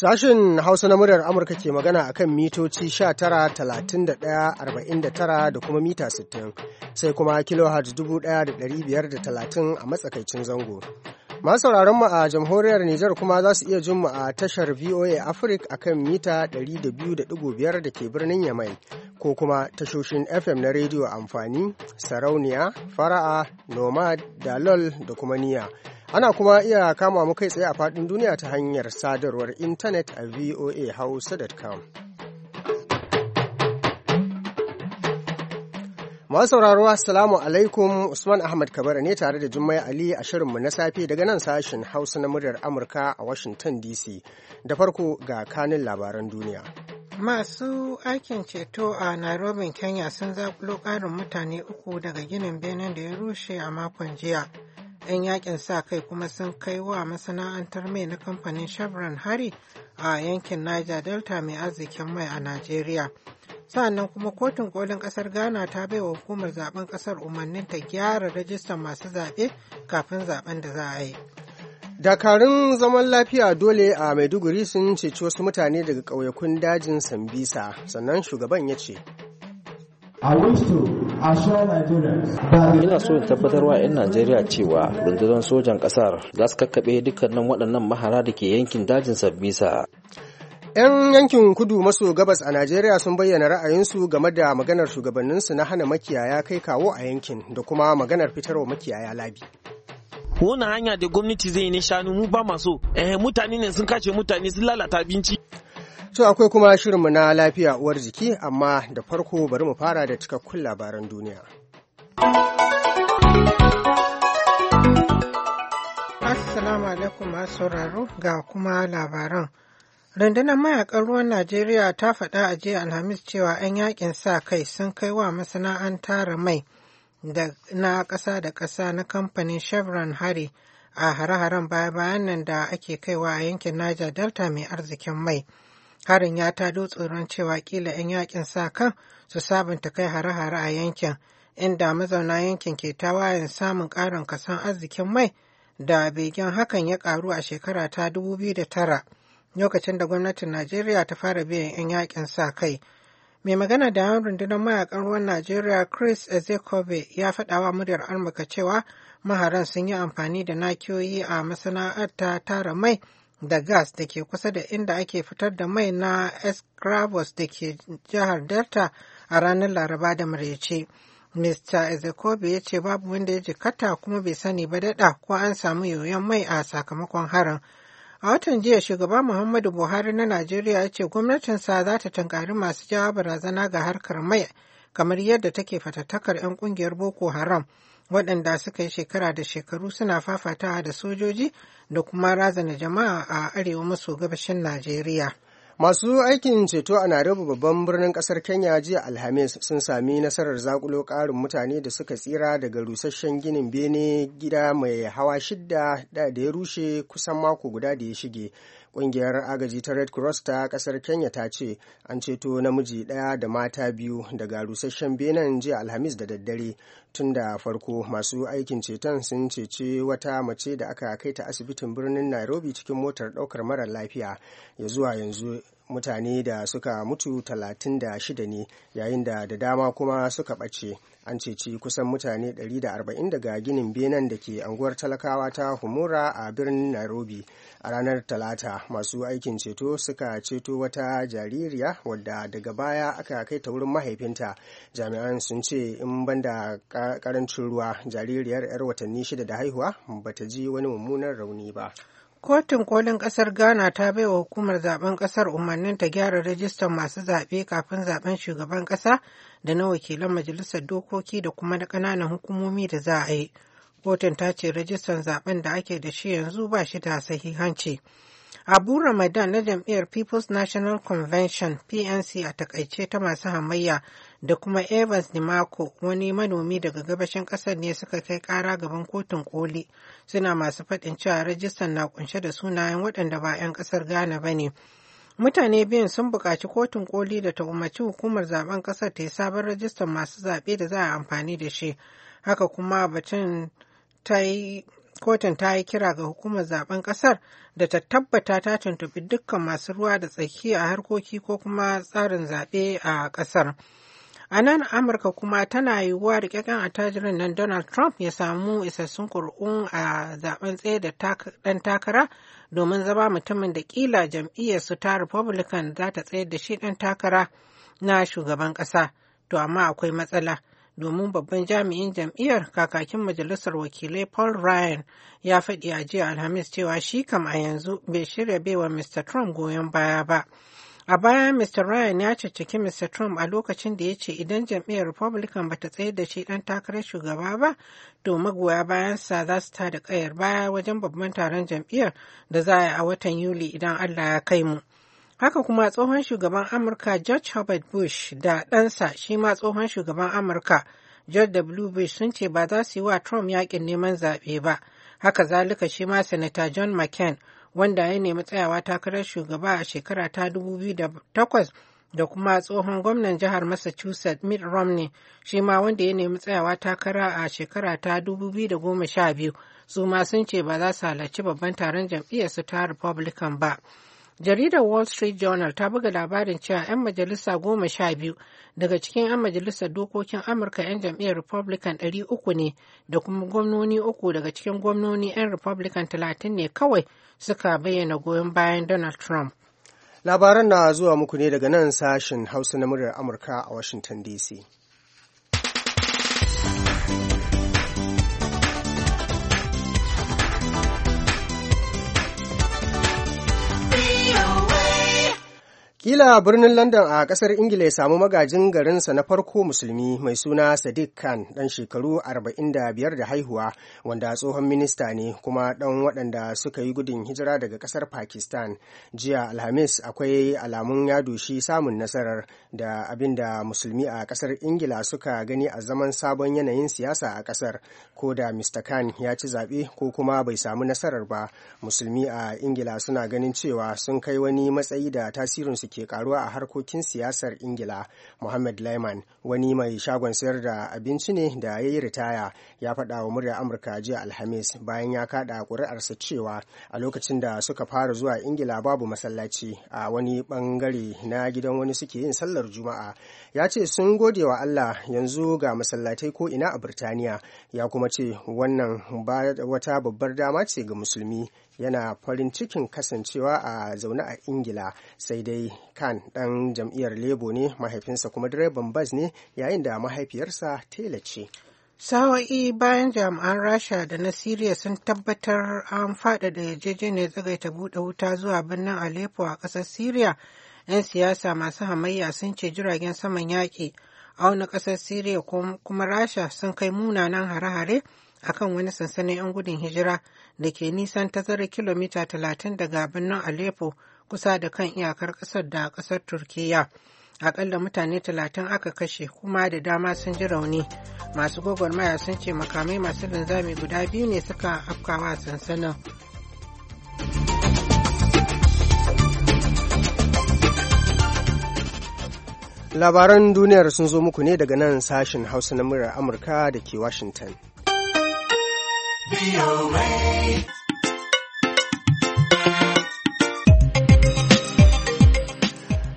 Sashen Hausa na muryar Amurka ke magana a kan mitoci 19,31,49 da kuma mita 60 sai kuma kilohertz 1,530 a matsakaicin zango. Masauraron mu a jamhuriyar Nijar kuma za su iya jin mu a tashar VOA Africa a kan mita 200.5 da ke birnin Yamai ko kuma tashoshin FM na rediyo amfani, sarauniya, fara'a, nomad, dalol da kuma niya. Ana kuma iya kama mu kai tsaye a faɗin duniya ta hanyar sadarwar intanet a voahausa.com. Masu sauraro Assalamu alaikum Usman Ahmad Kabara ne tare da Jummai Ali a shirinmu na safe daga nan sashen Hausa na muryar Amurka a Washington DC. Da farko ga kanin labaran duniya. Masu aikin ceto a Nairobi, Kenya sun zaƙulo ƙarin mutane uku daga ginin benin da ya rushe a makon jiya. 'yan yakin sa kai kuma sun kai wa masana'antar mai na kamfanin chevron hari a yankin niger delta mai arzikin mai a nigeria sa'annan kuma kotun kolin kasar ghana ta bai wa hukumar zaben kasar umarnin ta gyara rajistan masu zaɓe kafin zaben da za a yi dakarun zaman lafiya dole a maiduguri sun ceci wasu mutane daga ƙauyakun dajin sambisa sannan shugaban ya ce Ina so in tabbatar wa 'yan Najeriya cewa rundunar sojan ƙasar za su kakkaɓe dukkanin waɗannan mahara da ke yankin dajin Sambisa. 'Yan yankin kudu maso gabas a Najeriya sun bayyana ra'ayinsu game da maganar shugabanninsu na hana makiyaya kai kawo a yankin da kuma maganar fitarwa makiyaya labi. Wani hanya da gwamnati zai ne shanu mu ba maso, eh mutane ne sun kace mutane sun lalata abinci. To akwai kuma shirinmu na lafiya uwar jiki amma da farko bari mu fara da cikakkun labaran duniya. Assalamu alaikum masu sauraro ga kuma labaran. Rundunar mayakan ruwan Najeriya ta faɗa a jiya Alhamis cewa an yakin sa kai sun kai wa masana'anta masana'antar mai na ƙasa da ƙasa na kamfanin Chevron Hari a hare-haren baya-bayan nan da ake kaiwa a yankin Niger Delta mai arzikin mai. Harin ya tado tsoron cewa kila 'yan yakin sa kan su sabunta kai hare-hare a yankin, inda mazauna yankin ke tawayen samun ƙarin kasan arzikin mai da begen hakan ya ƙaru a shekara ta 2009 lokacin da gwamnatin Najeriya ta fara biyan 'yan yakin sa kai. Mai magana da yawan rundunar mayakan ruwan Najeriya Chris Ezekobe ya faɗawa muryar Amurka cewa maharan sun yi amfani da nakiyoyi a masana'ar tara mai da gas da ke kusa da inda ake fitar da mai na escravos da ke jihar delta a ranar laraba da maraice mr ezekobe ya ce babu wanda ya jikata kuma bai sani ba daɗa ko an samu yoyon mai a sakamakon harin a watan jiya shugaba muhammadu buhari na najeriya ya ce gwamnatinsa za ta tankari masu jawa barazana ga harkar mai kamar yadda take fatattakar 'yan kungiyar boko haram waɗanda suka yi shekara da shekaru suna fafatawa da sojoji da kuma razana jama'a a arewa maso gabashin Najeriya. Masu aikin ceto a Nairobi babban birnin kasar Kenya jiya Alhamis sun sami nasarar zakulo ƙarin mutane da suka tsira daga rusasshen ginin bene gida mai hawa shidda da ya rushe kusan mako guda da ya shige. Ƙungiyar agaji ta Red Cross ta ƙasar Kenya ta ce an ceto namiji ɗaya da mata biyu daga rusasshen benin jiya Alhamis da daddare. Tun da farko masu aikin ceton sun cece wata mace da aka kai ta asibitin birnin Nairobi cikin motar ɗaukar mara lafiya ya zuwa yanzu mutane da suka mutu 36 ne yayin da da dama kuma suka ɓace an ceci kusan mutane 140 daga ginin benin da ke anguwar talakawa ta humura a birnin nairobi a ranar talata masu aikin ceto suka ceto wata jaririya wadda daga baya aka kai ta wurin mahaifinta jami'an sun ce in banda karancin ruwa jaririyar 'yar watanni shida da haihuwa ba ta ji wani mummunan rauni ba Kotun kolin kasar Ghana ta bai wa hukumar zaben kasar umarnin ta gyara rajistar masu zaɓe kafin zaben shugaban kasa da na wakilan majalisar dokoki da kuma na ƙananan hukumomi da za a yi. kotun ta ce rajistan zaben da ake da shi yanzu ba shi da sahihanci abu ramadan na jam'iyyar people's national convention pnc a takaice ta masu hamayya da kuma evans dimako wani manomi daga gabashin kasar ne suka kai kara gaban kotun koli suna masu faɗin cewa rajistan na kunshe da sunayen waɗanda ba 'yan ƙasar ghana ba ne mutane biyun sun buƙaci kotun koli da ta umarci hukumar zaben ƙasar ta yi sabon rajistan masu zaɓe da za a amfani da shi haka kuma batun ta kotun ta yi kira ga hukumar zaben kasar da ta tabbata ta tuntubi dukkan masu ruwa da tsaki a harkoki ko kuma tsarin zaɓe a kasar a nan amurka kuma tana yiwuwa rikakken attajirin nan donald trump ya samu isassun kur'un a zaben tsaye da ɗan takara domin zama mutumin da kila jam'iyyarsu ta republican za ta tsaye da shi dan takara na shugaban kasa to amma akwai matsala domin babban jami'in jam'iyyar kakakin majalisar wakilai paul ryan ya faɗi a jiya alhamis cewa shi kam a yanzu bai shirya baiwa mr trump goyon baya ba a baya mr ryan ya cicciki mr trump a lokacin da ya ce idan jam'iyyar republican ba ta tsayar da shi dan takarar shugaba ba to magoya bayansa za su tada kayar baya wajen babban taron jam'iyyar da za a yi a watan yuli idan allah ya kai mu Haka kuma tsohon shugaban Amurka George Herbert Bush da ɗansa shi ma tsohon shugaban Amurka George W. Bush sun ce ba za su yi wa Trump yakin neman zaɓe ba. Haka zalika shi ma senator John McCain wanda ya nemi tsayawa takarar shugaba a shekara ta 2008 da kuma tsohon gwamnan jihar Massachusetts Mitt Romney shi ma wanda ya nemi tsayawa takara a shekara ta 2012 su ma sun ce ba za su halarci babban taron su ta Republican ba. Jaridar Wall Street Journal ta buga labarin cewa 'yan majalisa goma sha biyu daga cikin 'yan majalisar dokokin Amurka 'yan jam'iyyar Republican ɗari uku ne da kuma gwamnoni uku daga cikin gwamnoni 'yan Republican talatin ne kawai suka bayyana goyon bayan Donald Trump. Labaran na zuwa muku ne daga nan sashen Hausa na muryar Amurka a Washington DC. Kila birnin London a kasar Ingila ya samu magajin garinsa na farko musulmi mai suna Sadiq Khan ɗan shekaru 45 da haihuwa wanda tsohon minista ne kuma ɗan waɗanda suka yi gudun hijira daga kasar Pakistan. Jiya Alhamis akwai alamun ya shi samun nasarar da abinda musulmi a kasar Ingila suka gani a zaman sabon yanayin siyasa a kasar ko da Mr. Khan ya ci zaɓe ko kuma bai samu nasarar ba. Musulmi a Ingila suna ganin cewa sun kai wani matsayi da tasirin ke ke karuwa a harkokin siyasar ingila muhammad laiman wani mai shagon sayar da abinci ne da ya yi ritaya ya faɗa wa murya amurka jiya alhamis bayan ya kaɗa ƙuri'arsa cewa a lokacin da suka fara zuwa ingila babu masallaci a wani ɓangare na gidan wani suke yin sallar juma'a ya ce sun gode wa allah yanzu ga masallatai ko ina a birtaniya ya kuma ce wannan wata babbar dama ce ga musulmi yana farin cikin kasancewa a zaune a ingila sai dai kan ɗan jam'iyyar lebo ne mahaifinsa kuma direban bas ne yayin da mahaifiyarsa tela ce sawa'i bayan jami'an rasha da na siriya sun tabbatar an faɗaɗa yarjejeniyar tsagaita buɗe wuta zuwa birnin aleppo a ƙasar siriya 'yan siyasa masu hamayya sun ce jiragen saman yaƙi auna ƙasar siriya kuma rasha sun kai munanan hare-hare akan wani sansanin 'yan gudun hijira da ke nisan tazara kilomita 30 daga birnin Aleppo kusa da kan iyakar ƙasar da ƙasar Turkiyya. aƙalla mutane 30 aka kashe kuma da dama sun ji rauni. Masu gwagwarmaya sun ce makamai masu linzami guda biyu ne suka afkawa sansanin. Labaran duniyar sun zo muku ne daga nan sashen Hausa na murar Amurka da ke Washington.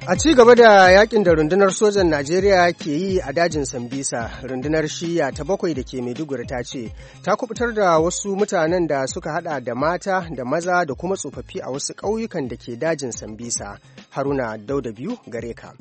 A ci gaba da yakin da rundunar sojan Najeriya ke yi a dajin Sambisa, rundunar shiya ta bakwai da ke Maiduguri ta ce, ta kubutar da wasu mutanen da suka hada da mata da maza da kuma tsofaffi a wasu ƙauyukan da ke dajin Sambisa, Haruna Dauda biyu gare ka.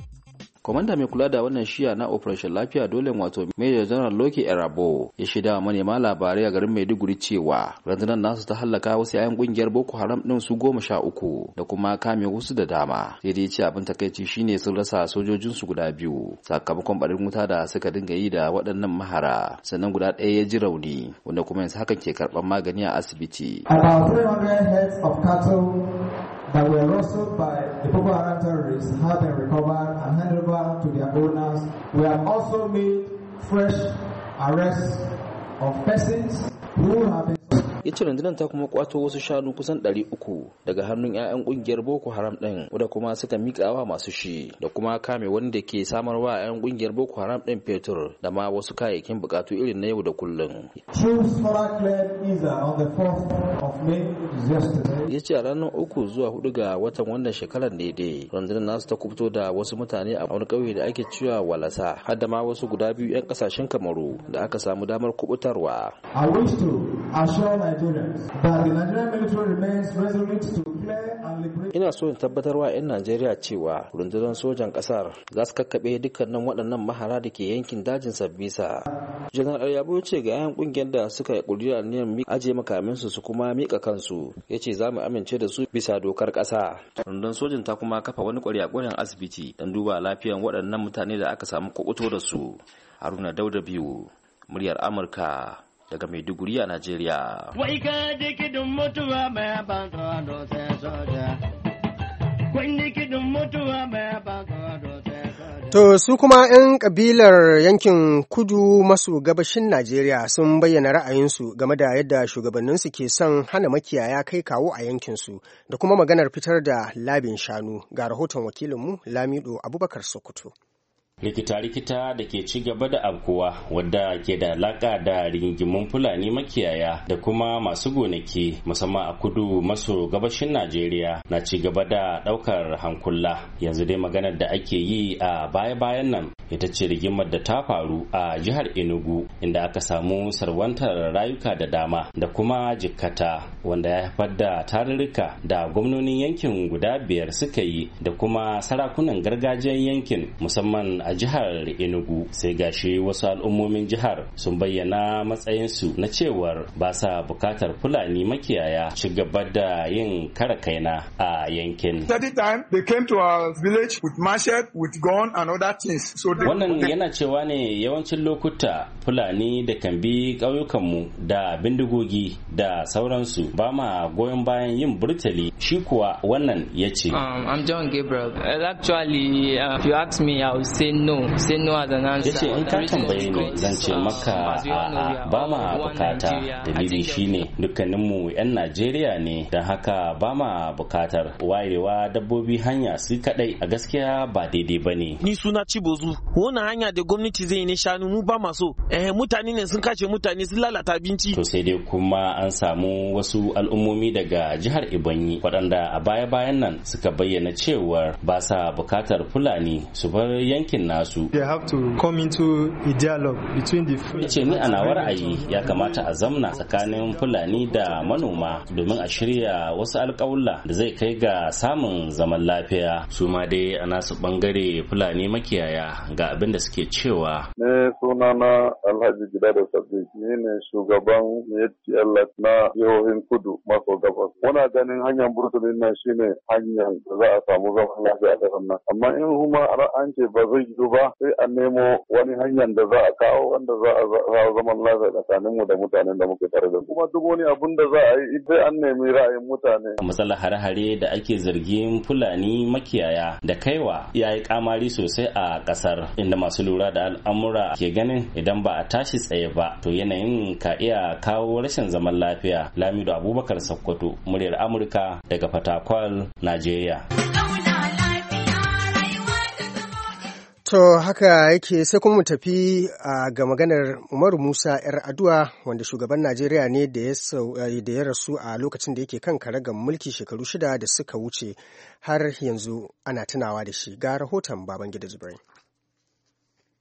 Kwamanda mai kula da wannan shiya na Operation Lafiya dole wato Major General Loki Erabo ya shida wa manema labarai a garin Maiduguri cewa rundunar nasu ta hallaka wasu 'ya'yan kungiyar Boko Haram din su goma sha uku da kuma kame wasu da dama. Sai dai ce abin takaici shine sun rasa sojojin su guda biyu sakamakon barin wuta da suka dinga yi da waɗannan mahara sannan guda ɗaya ya ji rauni wanda kuma yanzu hakan ke karɓar magani a asibiti. About 300 heads of cattle that were rustled by the Boko Haram properties have been recovered and handed over to their owners. We have also made fresh arrests of persons who have been ya ce rundunar ta kuma kwato wasu shanu kusan ɗari uku daga hannun 'ya'yan ƙungiyar boko haram ɗin wadda kuma suka miƙa wa masu shi da kuma kame wanda ke samarwa 'ya'yan ƙungiyar boko haram ɗin fetur da ma wasu kayayyakin bukatu irin na yau da kullum uh, ya ce a ranar uku zuwa hudu ga watan wannan shekarar ne dai rundunar nasu ta kubto da wasu mutane a wani kauye da ake cewa walasa har da ma wasu guda biyu 'yan ƙasashen kamaru da aka samu damar kubutarwa. a wish to assure Ina so in tabbatarwa 'yan Najeriya cewa rundunar sojan ƙasar za su kakkaɓe dukkanin waɗannan mahara da ke yankin dajin Sabisa. Janar Aryabo ce ga 'yan ƙungiyar da suka yi ƙudura ajiye aje makaminsu su kuma miƙa kansu ya ce za mu amince da su bisa dokar ƙasa. Rundunar sojan ta kuma kafa wani ƙwarya-ƙwaryan asibiti don duba lafiyar waɗannan mutane da aka samu kuɓuto da su. Haruna Dauda biyu, muryar Amurka. daga Maiduguri a Najeriya. Wai To su kuma 'yan ƙabilar yankin kudu masu gabashin Najeriya sun bayyana ra'ayinsu game da yadda shugabanninsu ke son hana makiyaya kai kawo a yankinsu da kuma maganar fitar da labin shanu ga rahoton wakilinmu Lamido Abubakar Sokoto. likita-likita da ke ci gaba da abkuwa wadda ke da alaka da rigingimun fulani makiyaya da kuma masu gonaki musamman a kudu maso gabashin najeriya na ci gaba da daukar hankula yanzu dai maganar da ake yi a baya-bayan nan ita ce rigimar da ta faru a jihar enugu inda aka samu sarwantar rayuka da dama da kuma jikkata wanda ya haifar da tarurruka da gwamnonin yankin guda biyar suka yi da kuma sarakunan gargajiyar yankin musamman a jihar Enugu sai gashi wasu al'ummomin jihar sun bayyana matsayinsu na cewar ba sa bukatar Fulani makiyaya ci gaba da yin kara kaina a yankin. Wannan yana cewa ne yawancin lokuta Fulani da kan bi ƙauyukanmu da bindigogi da sauransu ba ma goyon bayan yin burtali shi kuwa wannan ya ce. Um, I'm John Gabriel. Actually, uh, if you ask me, I would say no say yace in ka tambaye ni zan ce maka a'a ba ma bukata dalili shine dukkaninmu yan Najeriya ne don haka ba ma bukatar wayewa dabbobi hanya su kadai a gaskiya ba daidai ba ne. ni suna Cibozu wani hanya da gwamnati zai ne shanu mu ba maso so eh mutane ne sun kace mutane sun lalata binci to sai dai kuma an samu wasu al'ummomi daga jihar Ibanyi waɗanda a baya-bayan nan suka bayyana cewar ba sa bukatar Fulani su bar yankin nasu. They have to come into a dialogue between the Ice ni ana nawa ya kamata a zamna tsakanin Fulani da manoma domin a shirya wasu alƙawulla da zai kai ga samun zaman lafiya. Su ma dai a nasu bangare Fulani makiyaya ga abin da suke cewa. Ne sunana Alhaji Gidado Sabbi ni ne shugaban Allah na jihohin kudu maso gabas. Muna ganin hanyar burtulin nan shine hanyar da za a samu zaman lafiya a ƙasar nan. Amma in kuma an ce ba zai yanzu ba sai an nemo wani hanyar da za a kawo wanda za a zaman lafiya tsakanin mu da mutanen da muke tare da kuma duk wani abun da za a yi idan an nemi ra'ayin mutane. matsalar hare-hare da ake zargin fulani makiyaya da kaiwa ya yi kamari sosai a kasar inda masu lura da al'amura ke ganin idan ba a tashi tsaye ba to yanayin ka iya kawo rashin zaman lafiya lamido abubakar sakkwato muryar amurka daga fatakwal najeriya. To haka yake sai kuma mu tafi ga maganar Umaru Musa 'yar Adua wanda shugaban Najeriya ne da ya rasu a lokacin da yake kan karagar mulki shekaru shida da suka wuce har yanzu ana tunawa da shi ga rahoton Babangida Zubairu.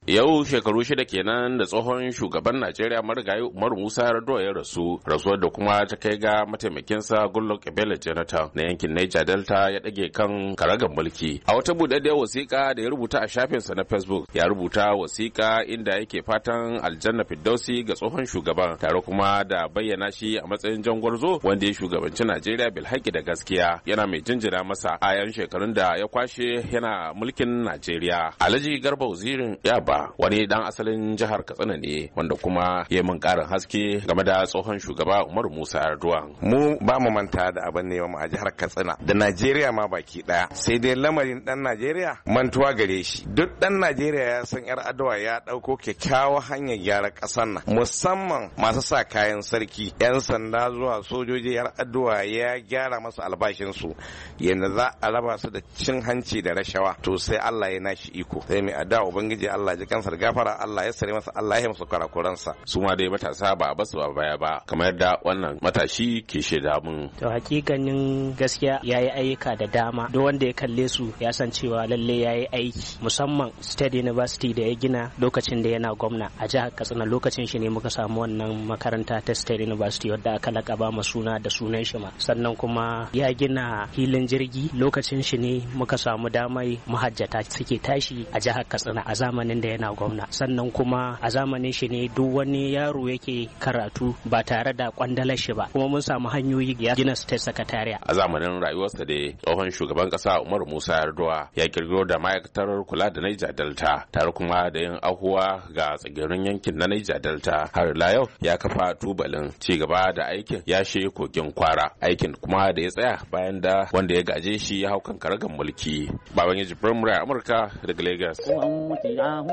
Yau shekaru shida kenan da tsohon shugaban Najeriya marigayi Umaru Musa Yar'adua ya rasu, rasuwar da kuma ta kai ga mataimakinsa Goodluck Ebele Jonathan na yankin Niger Delta ya dage kan karagar mulki. A wata budaddiyar wasiƙa da ya rubuta a shafinsa na Facebook, ya rubuta wasiƙa inda yake fatan aljanna Firdausi ga tsohon shugaban, tare kuma da bayyana shi a matsayin jangwarzo wanda ya shugabanci Najeriya bilhaki da gaskiya, yana mai jinjina masa a yan shekarun da ya kwashe yana mulkin Najeriya. Alhaji Garba Wazirin ya ba wani dan asalin jihar katsina ne wanda kuma ya min karin haske game da tsohon shugaba umar musa arduan mu ba mu manta da abin ne mu a jihar katsina da najeriya ma baki daya sai dai lamarin dan najeriya mantuwa gare shi duk dan najeriya ya san yar adwa ya dauko kyakkyawa hanyar gyara kasar nan musamman masu sa kayan sarki yan sanda zuwa sojoji yar adwa ya gyara masa albashinsu yadda za a raba su da cin hanci da rashawa to sai allah ya nashi iko sai mai adawa ubangiji allah ji kansa da gafara Allah ya sare masa Allah ya masa karakuransa su ma dai matasa ba a basu ba baya ba kamar yadda wannan matashi ke shaida mun to hakikanin gaskiya yayi ayyuka da dama duk wanda ya kalle su ya san cewa lalle yayi aiki musamman State University da ya gina lokacin da yana gwamna a jihar Katsina lokacin shi ne muka samu wannan makaranta ta State University wadda aka lakaba ma suna da sunan shi ma sannan kuma ya gina filin jirgi lokacin shi ne muka samu damai mahajjata suke tashi a jihar Katsina a zamanin da yana gwamna sannan kuma a zamanin shi ne duk wani yaro yake karatu ba tare da kwandalar shi ba kuma mun samu hanyoyi ya gina state secretary a zamanin rayuwarsa da tsohon shugaban kasa Umar Musa Yar'adua ya kirgiro da ma'aikatar kula da Niger Delta tare kuma da yin ahuwa ga tsigirin yankin na Niger Delta har la yau ya kafa tubalin ci gaba da aikin yashi kogin kwara aikin kuma da ya tsaya bayan da wanda ya gaje shi ya hau kankaragan mulki baban ya jibrin amurka daga lagos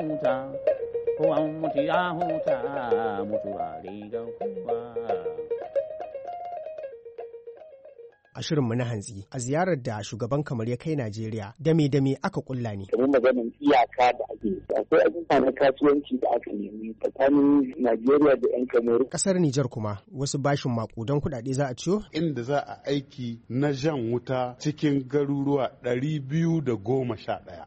huta kowan mutu ya huta a shirinmu na hantsi a ziyarar da shugaban kamar ya kai Najeriya dame dame aka kulla ne. Kamar maganin iyaka da ake akwai abubuwa na kasuwanci da aka nemi tsakanin Najeriya da 'yan Kamaru. Kasar Nijar kuma wasu bashin makudan kuɗaɗe za a ciyo? Inda za a aiki na jan wuta cikin garuruwa ɗari biyu da goma sha ɗaya.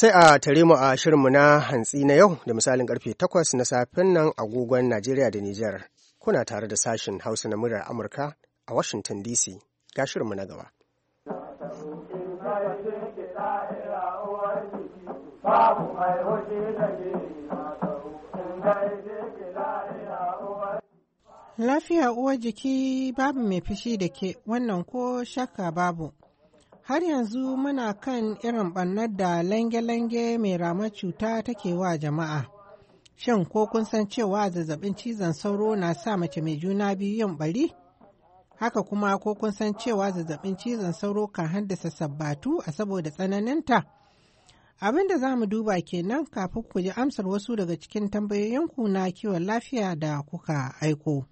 sai a tare mu a shirinmu na hantsi na yau da misalin karfe takwas na safen nan agogon Najeriya da Nijar. Kuna tare da sashen Hausa na murar Amurka a Washington DC. Ga shirinmu na gaba. Lafiya uwar jiki babu mai fushi da ke wannan ko shakka babu. har yanzu muna kan irin ɓarnar da lange-lange mai ramar cuta take wa jama'a. Shin ko kun san cewa zazzabin cizon sauro na sa mace mai juna biyu yin bari? Haka kuma ko kun san cewa zazzabin cizon sauro kan haddasa sabbatu a saboda tsananinta? Abin da za mu duba kenan kafin ku ji amsar wasu daga cikin tambayoyinku na kiwon lafiya da kuka aiko.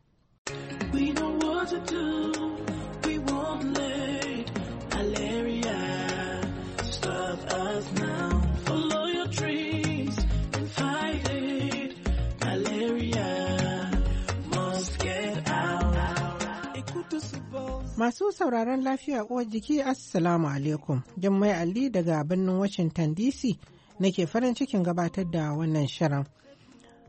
Masu sauraron lafiya uwar jiki Assalamu alaikum. Jummai Ali daga birnin Washington DC nake farin cikin gabatar da wannan shirin.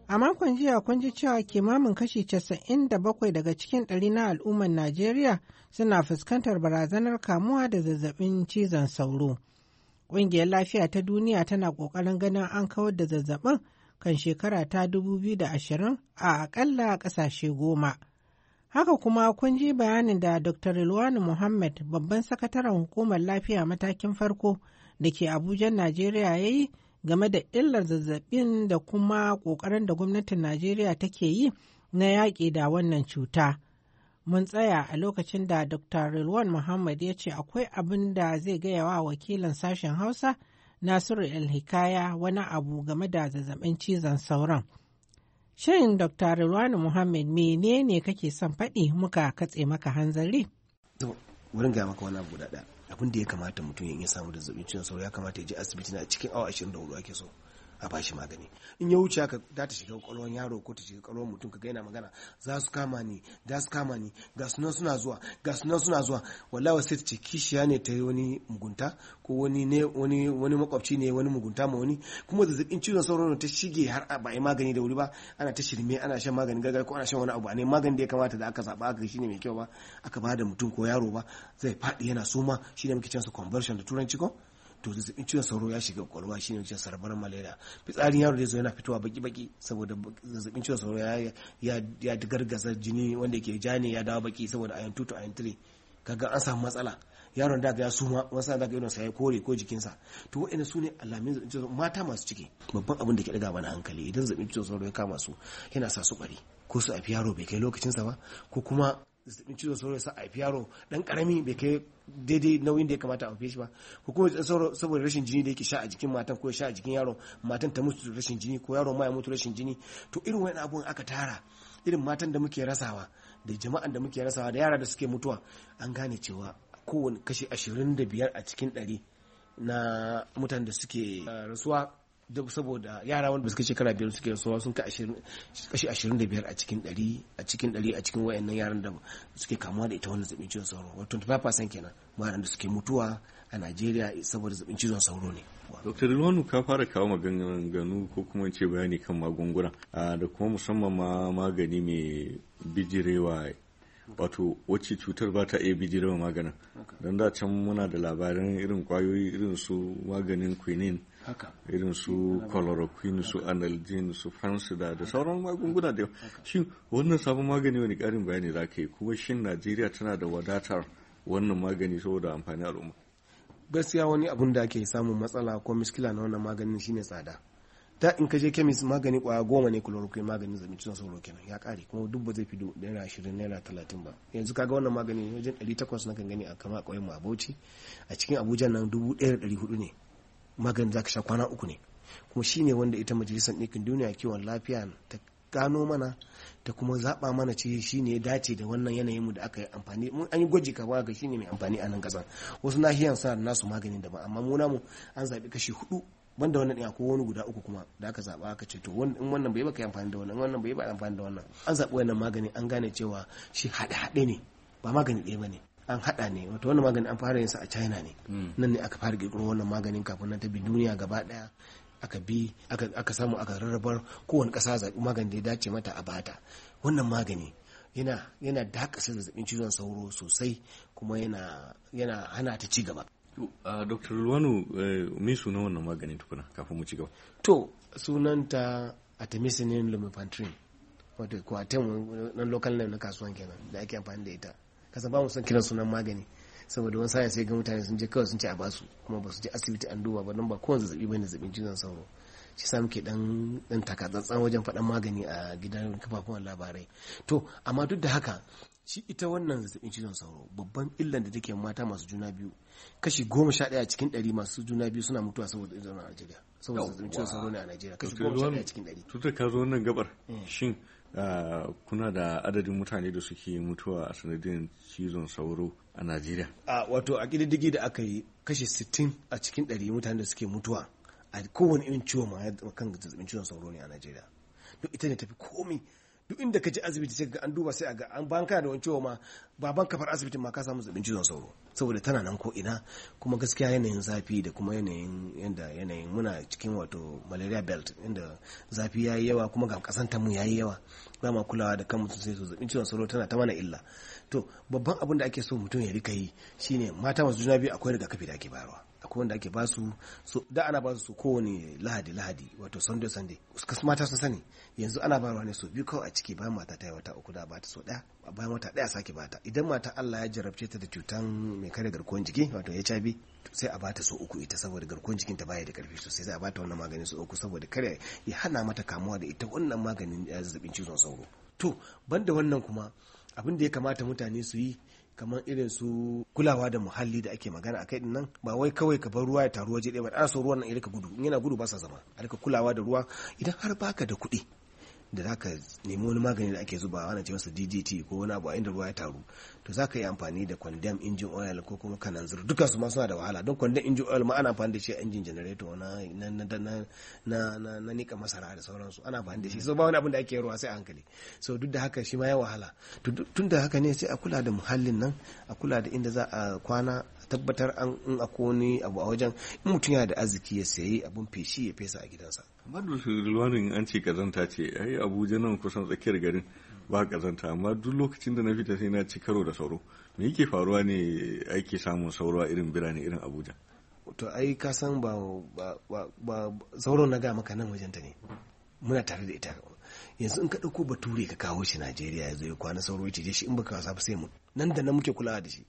A makon jiya kun ji cewa kimamin kashi 97 daga cikin ɗari na al'ummar Najeriya suna fuskantar barazanar kamuwa da zazzabin cizon sauro. Ƙungiyar lafiya ta duniya tana ƙoƙarin ganin an kawar da zazzabin kan shekara ta 2020 a akalla ƙasashe goma. Haka kuma kun ji bayanin da Dr. Rilwani Muhammad babban sakataren hukumar lafiya matakin farko da ke Abuja, Najeriya ya yi game da illar zazzabin da kuma ƙoƙarin da gwamnatin Najeriya take yi na yaƙi da wannan cuta. Mun tsaya a lokacin da Dr. Rilwan Muhammad ya ce akwai abin da zai gaya wa wakilin sashen Hausa Nasiru El-Hikaya wani abu game da zazzabin cizon sauran. Shin Dr. Rilwani Muhammad ne kake son faɗi muka katse maka hanzari? To, wurin ga maka wani abu da abin da ya kamata mutum ya samu da zazzabin cizon sauro ya kamata ya je asibiti na cikin awa 24 ake so. a bashi magani in ya wuce haka za ta shiga kwakwalwar yaro ko ta shiga kwakwalwar mutum ka gaina magana za su kama ni za su kama ni ga nan suna zuwa ga nan suna zuwa wallahi sai ta ce kishiya ne ta yi wani mugunta ko wani ne wani wani makwabci ne wani mugunta ma wani kuma zazzabin cizon sauro ta shige har ba magani da wuri ba ana ta shirme ana shan magani gargajiya ko ana shan wani abu ne magani da ya kamata da aka zaba aka ne mai kyau ba aka ba da mutum ko yaro ba zai faɗi yana suma shine muke cewa conversion da turanci ko to zazzabin cizon sauro ya shiga kwakwalwa shine wancan sarbar malaria fitsarin yaro da zo yana fitowa baki baki saboda zazzabin cizon sauro ya gargaza jini wanda ke ja ne ya dawo baki saboda ayon 2 to ayon 3 kaga an samu matsala yaron daga ya suma wasu daga yana sai kore ko jikinsa to waɗanda su ne alamin zaɓin cizon mata masu ciki babban abin da ke daga mana hankali idan zaɓin cizon sauro ya kama su yana sa su ɓari ko su afi yaro bai kai lokacinsa ba ko kuma zazzabin cizon sauro sa a yaro dan karami bai kai daidai nauyin da ya kamata a haife shi ba ko kuma sauro saboda rashin jini da yake sha a jikin matan ko ya sha a jikin yaro matan ta mutu rashin jini ko yaro ma ya mutu rashin jini to irin wani abun aka tara irin matan da muke rasawa da jama'an da muke rasawa da yara da suke mutuwa an gane cewa kowane kashi ashirin da biyar a cikin ɗari na mutan da suke eh, rasuwa saboda yara wanda suka shekara biyar suke rasuwa sun kai kashi ashirin da biyar a cikin ɗari a cikin ɗari a cikin wayannan yaran da suke kamuwa da ita wannan zaɓin cizon sauro wato 25% kenan maran da suke mutuwa a najeriya saboda zaɓin cizon sauro ne dr ilwanu ka fara kawo maganganu ko kuma ce bayani kan magunguna da kuma musamman ma magani mai bijirewa wato wacce cutar ba ta iya bijirewa maganin don da can muna da labaran irin kwayoyi irin su maganin quinine irin su chloroquine su analgin su fansida da sauran magunguna da shin wannan sabon magani wani karin bayani za ka yi kuma shin najeriya tana da wadatar wannan magani saboda amfani al'umma gaskiya wani abun da ake samun matsala ko miskila na wannan maganin ne tsada da in ka je kemis magani kwaya goma ne chloroquine maganin zabi cizon sauro kenan ya kare kuma duk ba zai fi naira ashirin naira talatin ba yanzu kaga wannan magani wajen ɗari takwas na kan gani a kama a ƙauyen mu a bauchi a cikin abuja nan dubu ɗaya da ɗari hudu ne maganin za ka sha kwana uku ne kuma shi ne wanda ita majalisar ɗinkin duniya kiwon lafiya ta gano mana ta kuma zaɓa mana ce shi ne dace da wannan yanayin mu da aka yi amfani mun an yi gwaji ka ga shi ne mai amfani a nan ƙasa wasu nahiyan suna da nasu maganin daban amma mu namu an zaɓi kashi hudu banda wannan ɗin ko wani guda uku kuma da aka zaɓa aka ce to in wannan bai baka amfani da wannan wannan bai baka amfani da wannan an zaɓi wannan magani an gane cewa shi haɗe-haɗe ne ba magani ɗaya ba ne an hada ne wato wannan maganin an fara yinsa a china ne hmm. nan ne aka fara girgiro wannan maganin kafin nan ta bi duniya gaba daya aka bi aka samu aka rarrabar kowane kasa zaɓi magani da ya dace mata a bata wannan magani yana yana dakasa zazzabin cizon sauro sosai kuma yana yana hana ta ci gaba dr luwanu eh, me sunan wannan maganin tukuna kafin mu ci gaba to sunanta artemisinin lumefantrine wato ko a eh, na local name na kasuwan kenan da ake amfani da ita kasan ba mu son kiran sunan magani saboda wani sa'in sai ga mutane sun je kawai sun ce a basu kuma ba su je asibiti an duba ba don ba kowane zazzabi bane zazzabin cizon sauro shi sa muke dan dan takatsantsan wajen faɗan magani a gidan kafafuwan labarai to amma duk da haka shi ita wannan zazzabin cizon sauro babban illan da take mata masu juna biyu kashi goma sha ɗaya cikin ɗari masu juna biyu suna mutuwa saboda zazzabin cizon sauro ne a Najeriya kashi goma sha ɗaya cikin ɗari. Tuta ka zo nan gabar eh. shin Ah, kuna da adadin mutane da suke mutuwa a sanadin cizon sauro a najeriya a ah, wato a ƙididdigi da aka yi kashe 60 a cikin 100 mutane da suke mutuwa a kowane irin ciwo ma ya kan zazzabin cizon sauro ne a najeriya duk ita ne tafi komi duk inda ka je asibiti sai ga an duba sai a ga an banka da wani ciwo ma baban kafar asibitin ma ka samu zazzabin cizon sauro saboda tana nan ko ina kuma gaskiya yanayin zafi da kuma yanayin yanda yanayin muna cikin wato malaria belt inda zafi yayi yawa kuma ga kasantar mu yayi yawa ba ma kulawa da kanmu sosai zazzabin ciwon sauro tana ta mana illa to babban abin da ake so mutum ya rika yi shine mata masu juna biyu akwai rigakafi da ake bayarwa akwai wanda ake basu su, da ana basu su kowane lahadi lahadi wato sunday sunday su mata sun sani yanzu ana bayarwa ne su biyu kawai a ciki bayan mata ta yi wata uku da ba ta so daya bayan wata daya sake bata idan mata Allah ya jarabce ta da cutan mai kare garkuwar jiki wato cabi sai a bata so uku ita saboda garkuwar jikinta baya da karfi sosai sai a bata wannan magani so uku saboda kare ya hana mata kamuwa da ita wannan maganin eh, zazzabin cizon sauro to banda wannan kuma abin da ya kamata mutane su yi kamar irin su kulawa da muhalli da ake magana a kai din nan ba wai kawai ka bar ruwa ya taru waje ɗaya ba ana so ruwan nan ya rika gudu in yana gudu ba sa zama a rika kulawa da ruwa idan har baka da kuɗi da za ka nemi wani magani da ake zuba wani ce masa ddt ko wani abu a inda ruwa ya taru to za ka yi amfani da condemn injin oil ko kuma kananzir dukkan su ma suna da wahala don condemn injin oil ma ana amfani da shi a injin generator na na na na nika masara da sauransu ana amfani da shi so ba wani abin da ake ruwa sai a hankali so duk da haka shi ma ya wahala tun da haka ne sai a kula da muhallin nan a kula da inda za a kwana tabbatar an in akwai wani abu a wajen in mutum yana da arziki ya sayi abun feshi ya fesa a gidansa Madul ruwanin an ce kazanta ce, ai Abuja nan kusan tsakiyar garin ba kazanta, amma duk lokacin da na fita sai na ci karo da sauro. Me yake faruwa ne ake samun sauro a irin birane irin Abuja? To ai ka san ba ba sauro na ga maka nan wajenta ne. Muna tare da ita. Yanzu in ka dauko bature ka kawo shi Najeriya yanzu ya kwana sauro ya ce shi in baka wasa ba sai mu. Nan da nan muke kulawa da shi.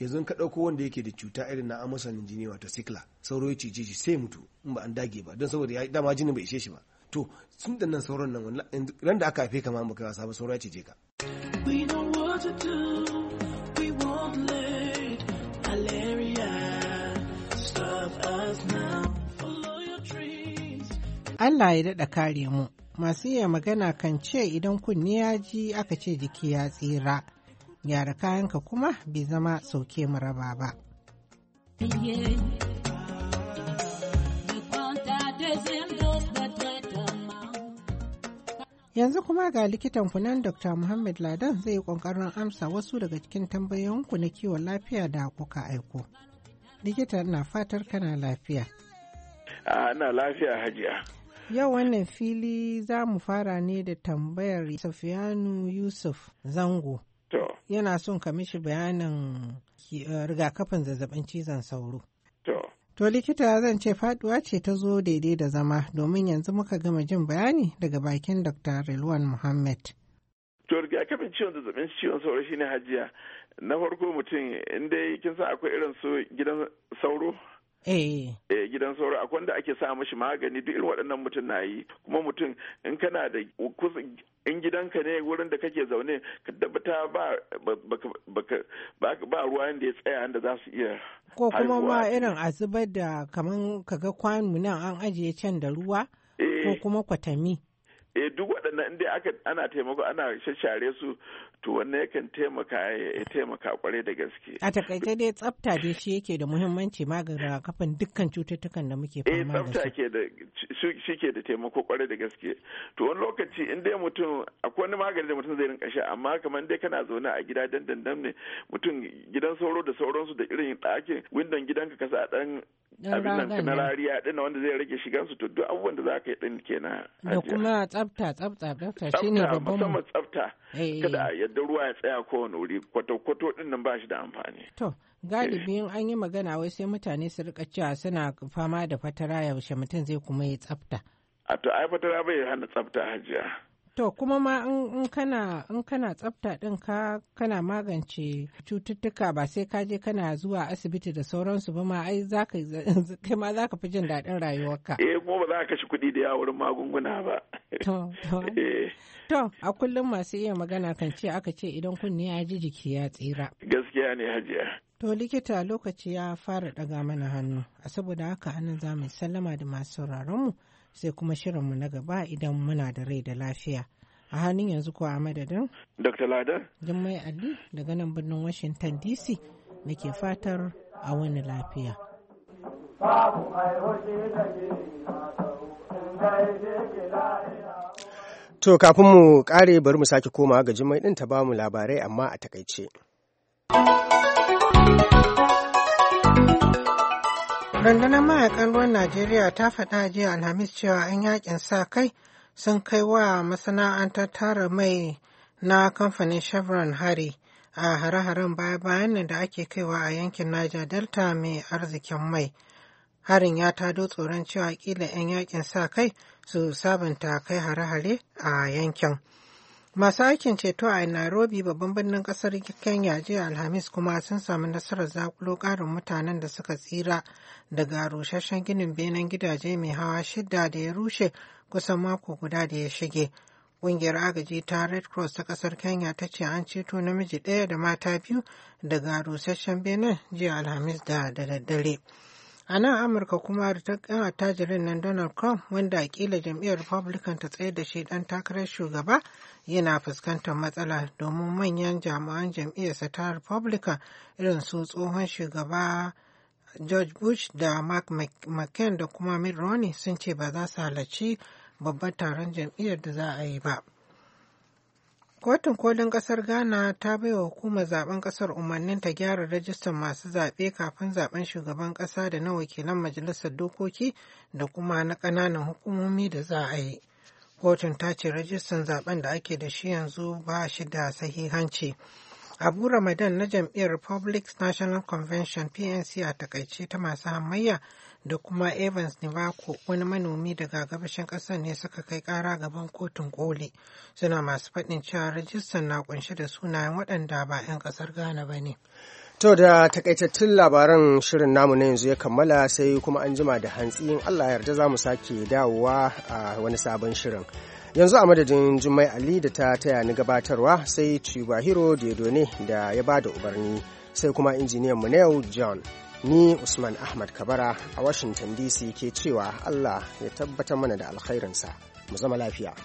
yanzu ka ɗauko wanda yake da cuta irin na amosanin jini wata sikla sauro ya cije shi sai mutu in ba an dage ba don saboda ya dama jinin bai ishe shi ba to sun da nan sauron nan ran da aka haife kama ma baka wasa ba sauro ya cije ka Allah ya daɗa kare mu masu iya magana kan ce idan kunne ya ji aka ce jiki ya tsira gyara kayanka kuma bai zama sauke mu ba. Yanzu kuma ga likitan kunan Dr. Muhammad Ladan zai yi ƙoƙarin amsa wasu daga cikin tambayoyinku na kiwon lafiya da kuka aiko. Likita na fatar kana lafiya. Ana lafiya hajiya. Yau wannan fili za mu fara ne da tambayar Safiyanu Yusuf Zango To. Yana son ka mishi bayanin eh, rigakafin zazzabin cizon sauro. To. To likita zan ce faduwa ce ta zo daidai da zama domin yanzu muka gama jin bayani daga bakin Dr. Rilwan Muhammad. To rigakafin ciwon zazzabin ciwon sauro shine hajiya. Na farko mutum inda kin san akwai irin su gidan sauro Eh. eh gidan sauro akwai wanda ake sa mashi magani duk irin waɗannan mutum na yi kuma mutum in kana da in gidanka ne wurin da kake zaune ka tabbata ba ba ruwa yanda ya tsaya inda za su iya ko kuma ma irin a zubar da kaman kaga kwanu nan an ajiye can da ruwa eh. ko kuma kwatami eh duk waɗannan inda aka ana taimako ana shashare su to wannan yakan taimaka ya taimaka kwarai da gaske a takaice dai tsafta dai shi yake da muhimmanci magana kafin dukkan cututtukan da muke fama eh, da su eh tsafta ke da shi ke da taimako kwarai da gaske to wani lokaci in dai mutum akwai wani magani da mutum zai rinka sha amma kamar dai kana zaune a gida dandan ne mutum gidan sauro da sauransu da irin ɗakin windon gidanka kasa dan abin nan na rariya din wanda zai rage shigan su tuddu duk abubuwan da zaka yi din kenan da kuma tsafta tsafta tsafta shine babban musamman tsafta eh, eh. kada yadda ruwa ya tsaya ko wani wuri kwato kwato din nan ba shi da amfani to galibi eh. an yi magana wai sai mutane su rika cewa suna fama da fatara yaushe mutum zai kuma yi tsafta a to ai fatara bai hana tsafta hajiya To kuma ma in kana in kana tsafta din ka kana magance cututtuka ba sai ka je kana zuwa asibiti da sauransu ba ma ai zaka kai ma zaka fi jin daɗin rayuwarka. Eh kuma ba za ka shi kuɗi da yawurin magunguna ba. To to. Eh. To a kullum masu iya magana kan ce aka ce idan kunni ya ji jiki ya tsira. Gaskiya ne hajiya. To likita lokaci ya fara ɗaga mana hannu, a saboda haka anan za sallama da masu sauraronmu. mu. sai kuma shirinmu na gaba idan muna da rai da lafiya. A hannun yanzu ko a madadin? Dr. Lada? Jummai Ali daga nan birnin Washington DC nake fatar a wani lafiya. To kafin mu kare bari mu sake komawa ga jimai ɗin ta bamu labarai amma a takaice. Rundunar mayakan ruwan Najeriya ta faɗa jiya Alhamis cewa 'yan yakin sa kai sun kai wa masana'antar tara mai na kamfanin Chevron hari a hare-haren baya-bayan da ake kaiwa a yankin Niger Delta mai arzikin mai. Harin ya tado tsoron cewa kila 'yan yakin sa kai su sabunta kai hare-hare a yankin. Masu aikin ceto a Nairobi babban birnin kasar Kenya jiya Alhamis kuma sun samu nasarar zakulo ƙarin mutanen da suka tsira daga rusasshen ginin benen gidaje mai hawa shida da ya rushe kusan mako guda da ya shige. Ƙungiyar agaji ta Red Cross ta ƙasar Kenya ta ce an ceto namiji ɗaya da mata biyu daga rusasshen benen jiya Alhamis da daddare. A nan Amurka kuma yan attajirin nan Donald Trump wanda a akila jam'iyyar Republican ta tsaye da shi dan takarar shugaba yana fuskantar matsala domin manyan jami'an jam'iyyarsa ta Republican irin su tsohon shugaba George Bush da Mark McCain da kuma Mitt Romney sun ce ba za su halarci babbar taron jam'iyyar da za a yi ba. Kotun kolin kasar Ghana ta bai wa hukumar zaben kasar umarnin ta gyara rajistar masu zaɓe kafin zaben shugaban ƙasa da na wakilan majalisar dokoki da kuma na ƙananan hukumomi da za a yi. Kotun ta ce rajistan zaben da ake da shi yanzu ba shi da sahihanci. Abu Ramadan na jam'iyyar Republic National Convention PNC a takaice ta masu hamayya da kuma Evans Nivako wani manomi daga gabashin ƙasar ne suka kai ƙara gaban kotun koli suna masu faɗin cewa rajistan na kunshe da sunayen waɗanda ba 'yan ƙasar Ghana ba ne. To da takaitattun labaran shirin namu na yanzu ya kammala sai kuma an jima da hantsi in Allah yarda za mu sake dawowa a wani sabon shirin. yanzu a madadin jummai ali da ta taya ni gabatarwa sai cibahiro dedone da ya ba da ubarni sai kuma mu na yau john ni usman ahmad kabara a washington dc ke cewa allah ya tabbatar mana da alkhairinsa mu zama lafiya.